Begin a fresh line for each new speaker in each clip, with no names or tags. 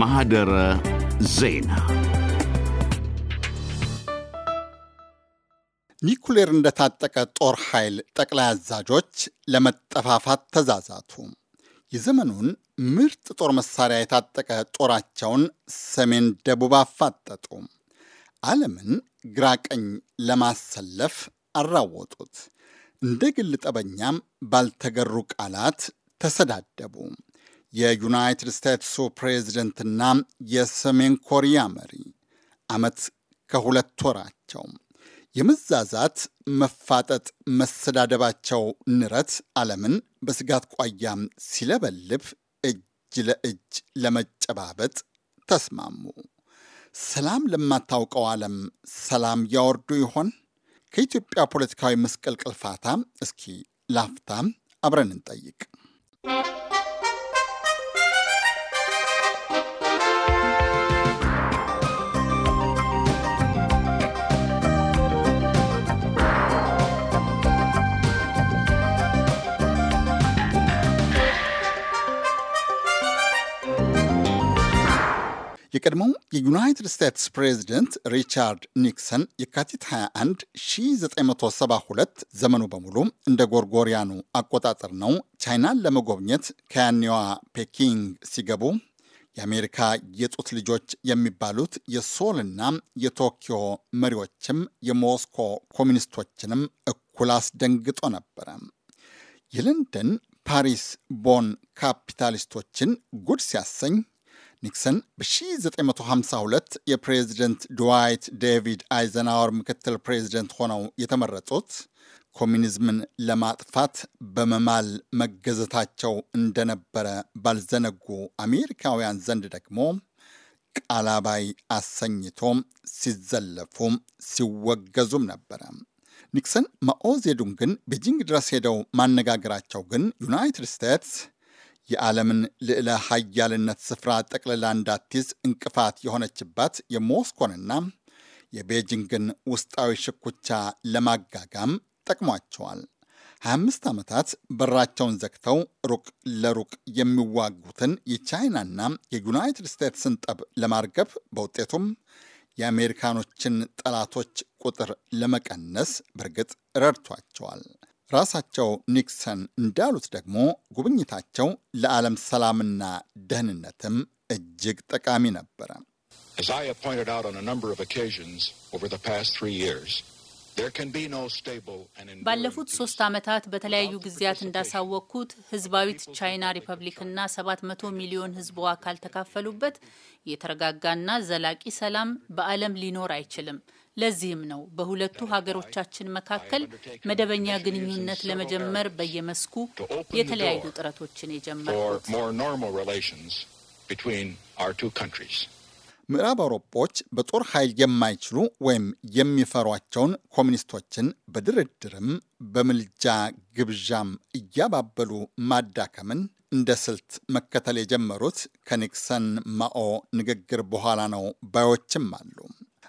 ማህደረ ዜና ኒኩሌር እንደታጠቀ ጦር ኃይል ጠቅላይ አዛዦች ለመጠፋፋት ተዛዛቱ። የዘመኑን ምርጥ ጦር መሳሪያ የታጠቀ ጦራቸውን ሰሜን ደቡብ አፋጠጡ። ዓለምን ግራ ቀኝ ለማሰለፍ አራወጡት። እንደ ግል ጠበኛም ባልተገሩ ቃላት ተሰዳደቡ። የዩናይትድ ስቴትሱ ፕሬዚደንትና የሰሜን ኮሪያ መሪ ዓመት ከሁለት ወራቸው የመዛዛት መፋጠጥ፣ መሰዳደባቸው ንረት ዓለምን በስጋት ቋያም ሲለበልብ እጅ ለእጅ ለመጨባበጥ ተስማሙ። ሰላም ለማታውቀው ዓለም ሰላም ያወርዱ ይሆን? ከኢትዮጵያ ፖለቲካዊ መስቀል ፋታ እስኪ ላፍታም አብረን እንጠይቅ። የቀድሞው የዩናይትድ ስቴትስ ፕሬዚደንት ሪቻርድ ኒክሰን የካቲት 21 1972 ዘመኑ በሙሉ እንደ ጎርጎሪያኑ አቆጣጠር ነው፣ ቻይናን ለመጎብኘት ከያኔዋ ፔኪንግ ሲገቡ የአሜሪካ የጡት ልጆች የሚባሉት የሶልና የቶኪዮ መሪዎችም የሞስኮ ኮሚኒስቶችንም እኩል አስደንግጦ ነበረ። የለንደን ፓሪስ፣ ቦን ካፒታሊስቶችን ጉድ ሲያሰኝ ኒክሰን በ1952 የፕሬዝደንት ድዋይት ዴቪድ አይዘናወር ምክትል ፕሬዝደንት ሆነው የተመረጡት ኮሚኒዝምን ለማጥፋት በመማል መገዘታቸው እንደነበረ ባልዘነጉ አሜሪካውያን ዘንድ ደግሞ ቃላባይ አሰኝቶም ሲዘለፉም ሲወገዙም ነበረ። ኒክሰን ማኦ ግን ቤጂንግ ድረስ ሄደው ማነጋገራቸው ግን ዩናይትድ ስቴትስ የዓለምን ልዕለ ሀያልነት ስፍራ ጠቅልላ እንዳትይዝ እንቅፋት የሆነችባት የሞስኮንና የቤጂንግን ውስጣዊ ሽኩቻ ለማጋጋም ጠቅሟቸዋል። 25 ዓመታት በራቸውን ዘግተው ሩቅ ለሩቅ የሚዋጉትን የቻይናና የዩናይትድ ስቴትስን ጠብ ለማርገብ በውጤቱም የአሜሪካኖችን ጠላቶች ቁጥር ለመቀነስ በእርግጥ ረድቷቸዋል። ራሳቸው ኒክሰን እንዳሉት ደግሞ ጉብኝታቸው ለዓለም ሰላምና ደህንነትም እጅግ ጠቃሚ ነበረ።
ባለፉት ሶስት ዓመታት በተለያዩ ጊዜያት እንዳሳወቅኩት ህዝባዊት ቻይና ሪፐብሊክና 700 ሚሊዮን ህዝቧ ካልተካፈሉበት የተረጋጋና ዘላቂ ሰላም በዓለም ሊኖር አይችልም። ለዚህም ነው በሁለቱ ሀገሮቻችን መካከል መደበኛ ግንኙነት ለመጀመር በየመስኩ የተለያዩ ጥረቶችን የጀመርኩት።
ምዕራብ አውሮፓዎች በጦር ኃይል የማይችሉ ወይም የሚፈሯቸውን ኮሚኒስቶችን በድርድርም በምልጃ ግብዣም እያባበሉ ማዳከምን እንደ ስልት መከተል የጀመሩት ከኒክሰን ማኦ ንግግር በኋላ ነው ባዮችም አሉ።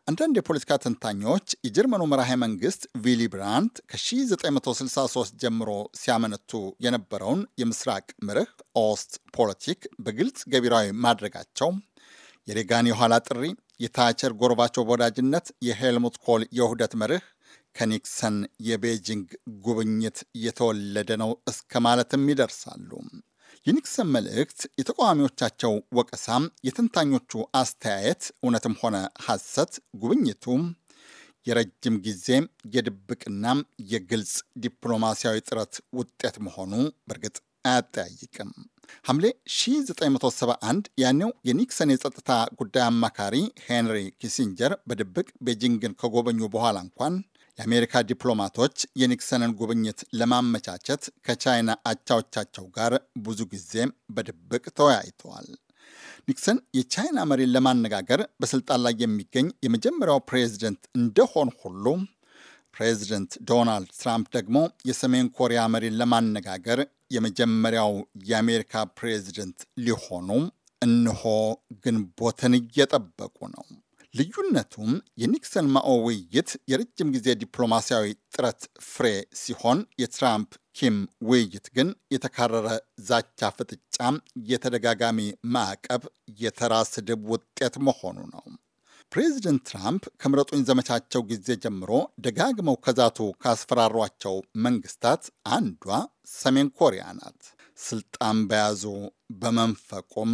አንዳንድ የፖለቲካ ተንታኞች የጀርመኑ መራሄ መንግስት ቪሊ ብራንት ከ1963 ጀምሮ ሲያመነቱ የነበረውን የምስራቅ ምርህ ኦስት ፖለቲክ በግልጽ ገቢራዊ ማድረጋቸው የሬጋን የኋላ ጥሪ፣ የታቸር ጎርባቸው በወዳጅነት፣ የሄልሙት ኮል የውህደት መርህ ከኒክሰን የቤጂንግ ጉብኝት የተወለደ ነው እስከ ማለትም ይደርሳሉ። የኒክሰን መልእክት፣ የተቃዋሚዎቻቸው ወቀሳም፣ የተንታኞቹ አስተያየት እውነትም ሆነ ሐሰት፣ ጉብኝቱ የረጅም ጊዜ የድብቅና የግልጽ ዲፕሎማሲያዊ ጥረት ውጤት መሆኑ በእርግጥ አያጠያይቅም። ሐምሌ 1971 ያኔው የኒክሰን የጸጥታ ጉዳይ አማካሪ ሄንሪ ኪሲንጀር በድብቅ ቤጂንግን ከጎበኙ በኋላ እንኳን የአሜሪካ ዲፕሎማቶች የኒክሰንን ጉብኝት ለማመቻቸት ከቻይና አቻዎቻቸው ጋር ብዙ ጊዜ በድብቅ ተወያይተዋል። ኒክሰን የቻይና መሪን ለማነጋገር በስልጣን ላይ የሚገኝ የመጀመሪያው ፕሬዝደንት እንደሆን ሁሉ ፕሬዝደንት ዶናልድ ትራምፕ ደግሞ የሰሜን ኮሪያ መሪን ለማነጋገር የመጀመሪያው የአሜሪካ ፕሬዝደንት ሊሆኑ እንሆ ግንቦትን እየጠበቁ ነው። ልዩነቱም የኒክሰን ማኦ ውይይት የረጅም ጊዜ ዲፕሎማሲያዊ ጥረት ፍሬ ሲሆን የትራምፕ ኪም ውይይት ግን የተካረረ ዛቻ፣ ፍጥጫም፣ የተደጋጋሚ ማዕቀብ፣ የተራ ስድብ ውጤት መሆኑ ነው። ፕሬዚደንት ትራምፕ ከምረጡኝ ዘመቻቸው ጊዜ ጀምሮ ደጋግመው ከዛቱ ካስፈራሯቸው መንግስታት አንዷ ሰሜን ኮሪያ ናት። ስልጣን በያዙ በመንፈቁም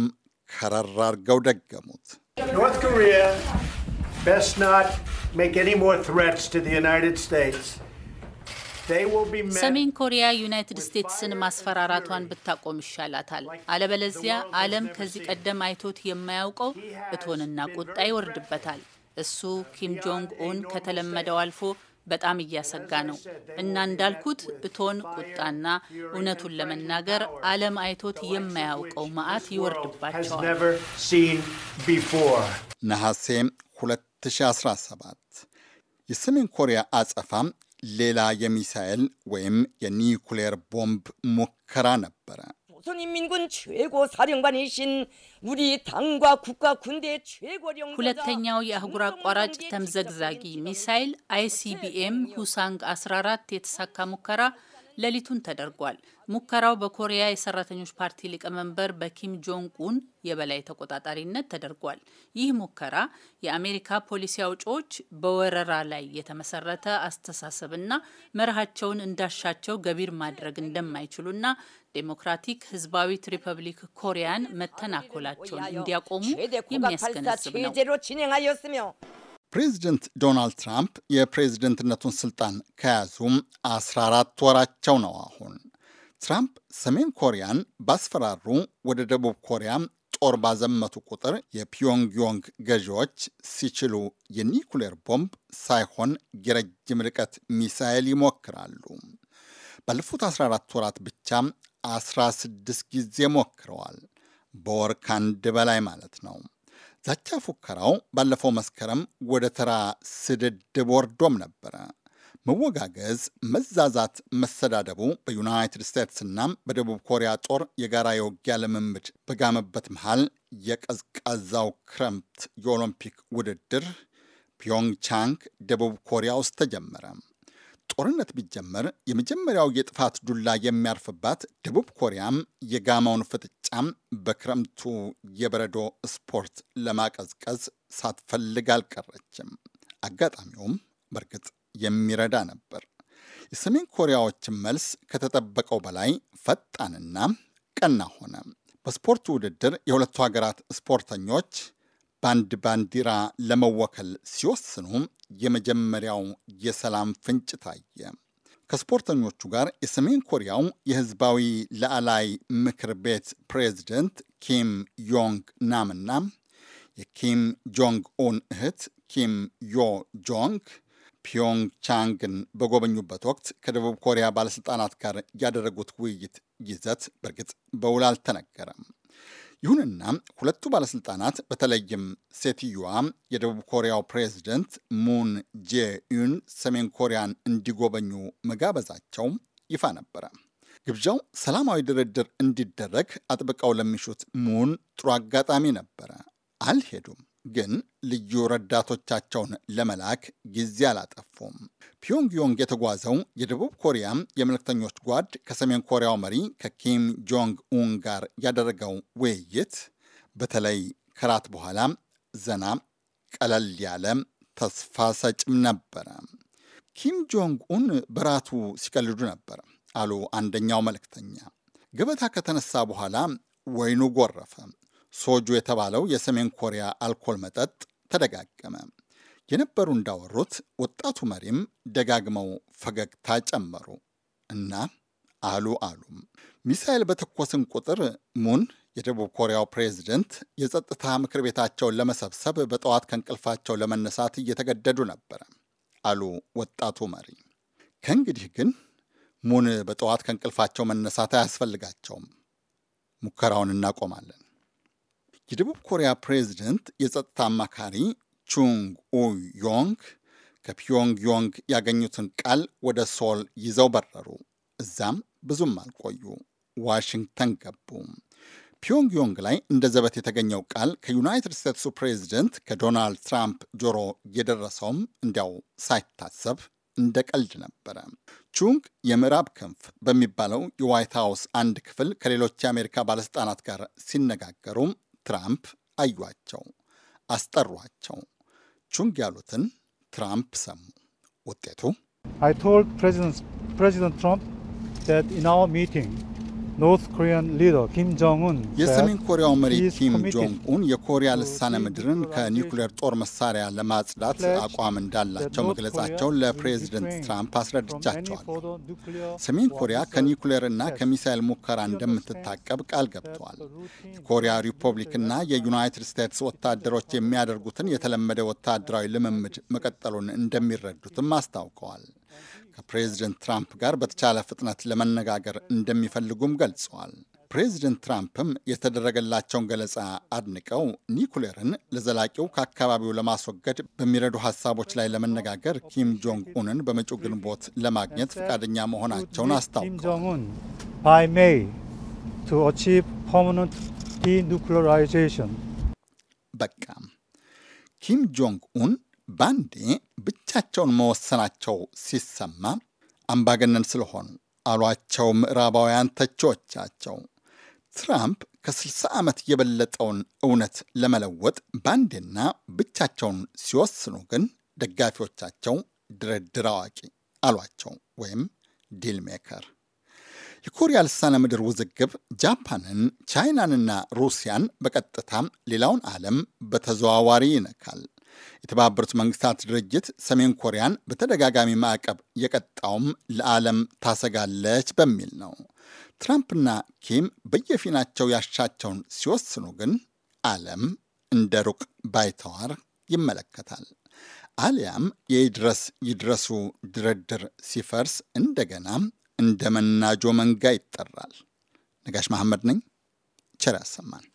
ከረር አድርገው ደገሙት።
best not make any more threats to the United States. ሰሜን ኮሪያ ዩናይትድ ስቴትስን ማስፈራራቷን ብታቆም ይሻላታል። አለበለዚያ ዓለም ከዚህ ቀደም አይቶት የማያውቀው እቶንና ቁጣ ይወርድበታል። እሱ ኪም ጆንግ ኡን ከተለመደው አልፎ በጣም እያሰጋ ነው እና እንዳልኩት እቶን ቁጣና እውነቱን ለመናገር ዓለም አይቶት የማያውቀው መዓት ይወርድባቸዋል።
ነሐሴ ሁለት 2017 የሰሜን ኮሪያ አጸፋም ሌላ የሚሳኤል ወይም የኒውክሌር ቦምብ ሙከራ ነበረ።
ሁለተኛው የአህጉር አቋራጭ ተምዘግዛጊ ሚሳይል አይሲቢኤም ሁሳንግ 14 የተሳካ ሙከራ ሌሊቱን ተደርጓል። ሙከራው በኮሪያ የሰራተኞች ፓርቲ ሊቀመንበር በኪም ጆንግ ኡን የበላይ ተቆጣጣሪነት ተደርጓል። ይህ ሙከራ የአሜሪካ ፖሊሲ አውጪዎች በወረራ ላይ የተመሰረተ አስተሳሰብና መርሃቸውን እንዳሻቸው ገቢር ማድረግ እንደማይችሉና ዴሞክራቲክ ህዝባዊት ሪፐብሊክ ኮሪያን መተናኮላቸውን እንዲያቆሙ የሚያስገነዝብ
ነው። ፕሬዚደንት ዶናልድ ትራምፕ የፕሬዝደንትነቱን ስልጣን ከያዙም 14 ወራቸው ነው። አሁን ትራምፕ ሰሜን ኮሪያን ባስፈራሩ፣ ወደ ደቡብ ኮሪያ ጦር ባዘመቱ ቁጥር የፒዮንግዮንግ ገዢዎች ሲችሉ የኒኩሌር ቦምብ ሳይሆን የረጅም ርቀት ሚሳኤል ይሞክራሉ። ባለፉት 14 ወራት ብቻ 16 ጊዜ ሞክረዋል። በወር ከአንድ በላይ ማለት ነው። ዛቻ ፉከራው ባለፈው መስከረም ወደ ተራ ስድድብ ወርዶም ነበረ። መወጋገዝ፣ መዛዛት፣ መሰዳደቡ በዩናይትድ ስቴትስና በደቡብ ኮሪያ ጦር የጋራ የውጊያ ልምምድ በጋመበት መሃል የቀዝቃዛው ክረምት የኦሎምፒክ ውድድር ፒዮንግቻንግ ደቡብ ኮሪያ ውስጥ ተጀመረ። ጦርነት ቢጀመር የመጀመሪያው የጥፋት ዱላ የሚያርፍባት ደቡብ ኮሪያም የጋማውን ፍጥጫም በክረምቱ የበረዶ ስፖርት ለማቀዝቀዝ ሳትፈልግ አልቀረችም። አጋጣሚውም በእርግጥ የሚረዳ ነበር። የሰሜን ኮሪያዎችን መልስ ከተጠበቀው በላይ ፈጣንና ቀና ሆነ። በስፖርቱ ውድድር የሁለቱ ሀገራት ስፖርተኞች በአንድ ባንዲራ ለመወከል ሲወስኑ የመጀመሪያው የሰላም ፍንጭ ታየ። ከስፖርተኞቹ ጋር የሰሜን ኮሪያው የህዝባዊ ላዕላይ ምክር ቤት ፕሬዚደንት ኪም ዮንግ ናምና የኪም ጆንግ ኡን እህት ኪም ዮ ጆንግ ፒዮንግ ቻንግን በጎበኙበት ወቅት ከደቡብ ኮሪያ ባለሥልጣናት ጋር ያደረጉት ውይይት ይዘት በእርግጥ በውል አልተነገረም። ይሁንና ሁለቱ ባለስልጣናት በተለይም ሴትዮዋ የደቡብ ኮሪያው ፕሬዝደንት ሙን ጄዩን ሰሜን ኮሪያን እንዲጎበኙ መጋበዛቸው ይፋ ነበረ። ግብዣው ሰላማዊ ድርድር እንዲደረግ አጥብቀው ለሚሹት ሙን ጥሩ አጋጣሚ ነበረ። አልሄዱም። ግን ልዩ ረዳቶቻቸውን ለመላክ ጊዜ አላጠፉም። ፒዮንግዮንግ የተጓዘው የደቡብ ኮሪያ የመልክተኞች ጓድ ከሰሜን ኮሪያው መሪ ከኪም ጆንግ ኡን ጋር ያደረገው ውይይት በተለይ ከራት በኋላ ዘና ቀለል ያለ ተስፋ ሰጭም ነበረ። ኪም ጆንግ ኡን በራቱ ሲቀልዱ ነበር አሉ አንደኛው መልእክተኛ። ገበታ ከተነሳ በኋላ ወይኑ ጎረፈ። ሶጁ የተባለው የሰሜን ኮሪያ አልኮል መጠጥ ተደጋገመ። የነበሩ እንዳወሩት ወጣቱ መሪም ደጋግመው ፈገግታ ጨመሩ እና አሉ አሉም ሚሳኤል በተኮስን ቁጥር ሙን የደቡብ ኮሪያው ፕሬዚደንት የጸጥታ ምክር ቤታቸውን ለመሰብሰብ በጠዋት ከእንቅልፋቸው ለመነሳት እየተገደዱ ነበረ አሉ ወጣቱ መሪ። ከእንግዲህ ግን ሙን በጠዋት ከእንቅልፋቸው መነሳት አያስፈልጋቸውም። ሙከራውን እናቆማለን። የደቡብ ኮሪያ ፕሬዚደንት የጸጥታ አማካሪ ቹንግ ኡ ዮንግ ከፒዮንግ ዮንግ ያገኙትን ቃል ወደ ሶል ይዘው በረሩ። እዛም ብዙም አልቆዩ፣ ዋሽንግተን ገቡ። ፒዮንግ ዮንግ ላይ እንደ ዘበት የተገኘው ቃል ከዩናይትድ ስቴትሱ ፕሬዚደንት ከዶናልድ ትራምፕ ጆሮ የደረሰውም እንዲያው ሳይታሰብ እንደ ቀልድ ነበረ። ቹንግ የምዕራብ ክንፍ በሚባለው የዋይት ሀውስ አንድ ክፍል ከሌሎች የአሜሪካ ባለስልጣናት ጋር ሲነጋገሩ ትራምፕ አዩቸው አስጠሯቸው። ቹንግ ያሉትን ትራምፕ ሰሙ። ውጤቱ ፕሬዚደንት ትራምፕ የሰሜን ኮሪያው መሪ ኪም ጆንግ ኡን የኮሪያ ልሳነ ምድርን ከኒውክሌር ጦር መሳሪያ ለማጽዳት አቋም እንዳላቸው መግለጻቸውን ለፕሬዚደንት ትራምፕ አስረድቻቸዋል። ሰሜን ኮሪያ ከኒውክሌር እና ከሚሳይል ሙከራ እንደምትታቀብ ቃል ገብተዋል። የኮሪያ ሪፐብሊክና የዩናይትድ ስቴትስ ወታደሮች የሚያደርጉትን የተለመደ ወታደራዊ ልምምድ መቀጠሉን እንደሚረዱትም አስታውቀዋል። ከፕሬዝደንት ትራምፕ ጋር በተቻለ ፍጥነት ለመነጋገር እንደሚፈልጉም ገልጸዋል። ፕሬዝደንት ትራምፕም የተደረገላቸውን ገለጻ አድንቀው ኒኩሌርን ለዘላቂው ከአካባቢው ለማስወገድ በሚረዱ ሀሳቦች ላይ ለመነጋገር ኪም ጆንግ ኡንን በመጪው ግንቦት ለማግኘት ፈቃደኛ መሆናቸውን አስታውቀዋል። በቃ ኪም ጆንግ ኡን ባንዴ ብቻቸውን መወሰናቸው ሲሰማ አምባገነን ስለሆኑ አሏቸው ምዕራባውያን ተቺዎቻቸው። ትራምፕ ከ60 ዓመት የበለጠውን እውነት ለመለወጥ ባንዴና ብቻቸውን ሲወስኑ ግን ደጋፊዎቻቸው ድርድር አዋቂ አሏቸው ወይም ዲል ሜከር። የኮሪያ ልሳነ ምድር ውዝግብ ጃፓንን፣ ቻይናንና ሩሲያን በቀጥታም ሌላውን ዓለም በተዘዋዋሪ ይነካል። የተባበሩት መንግስታት ድርጅት ሰሜን ኮሪያን በተደጋጋሚ ማዕቀብ የቀጣውም ለዓለም ታሰጋለች በሚል ነው። ትራምፕና ኪም በየፊናቸው ያሻቸውን ሲወስኑ ግን ዓለም እንደ ሩቅ ባይተዋር ይመለከታል። አሊያም የድረስ ይድረሱ ድርድር ሲፈርስ እንደገና እንደ መናጆ መንጋ ይጠራል። ነጋሽ መሐመድ ነኝ። ቸር ያሰማን።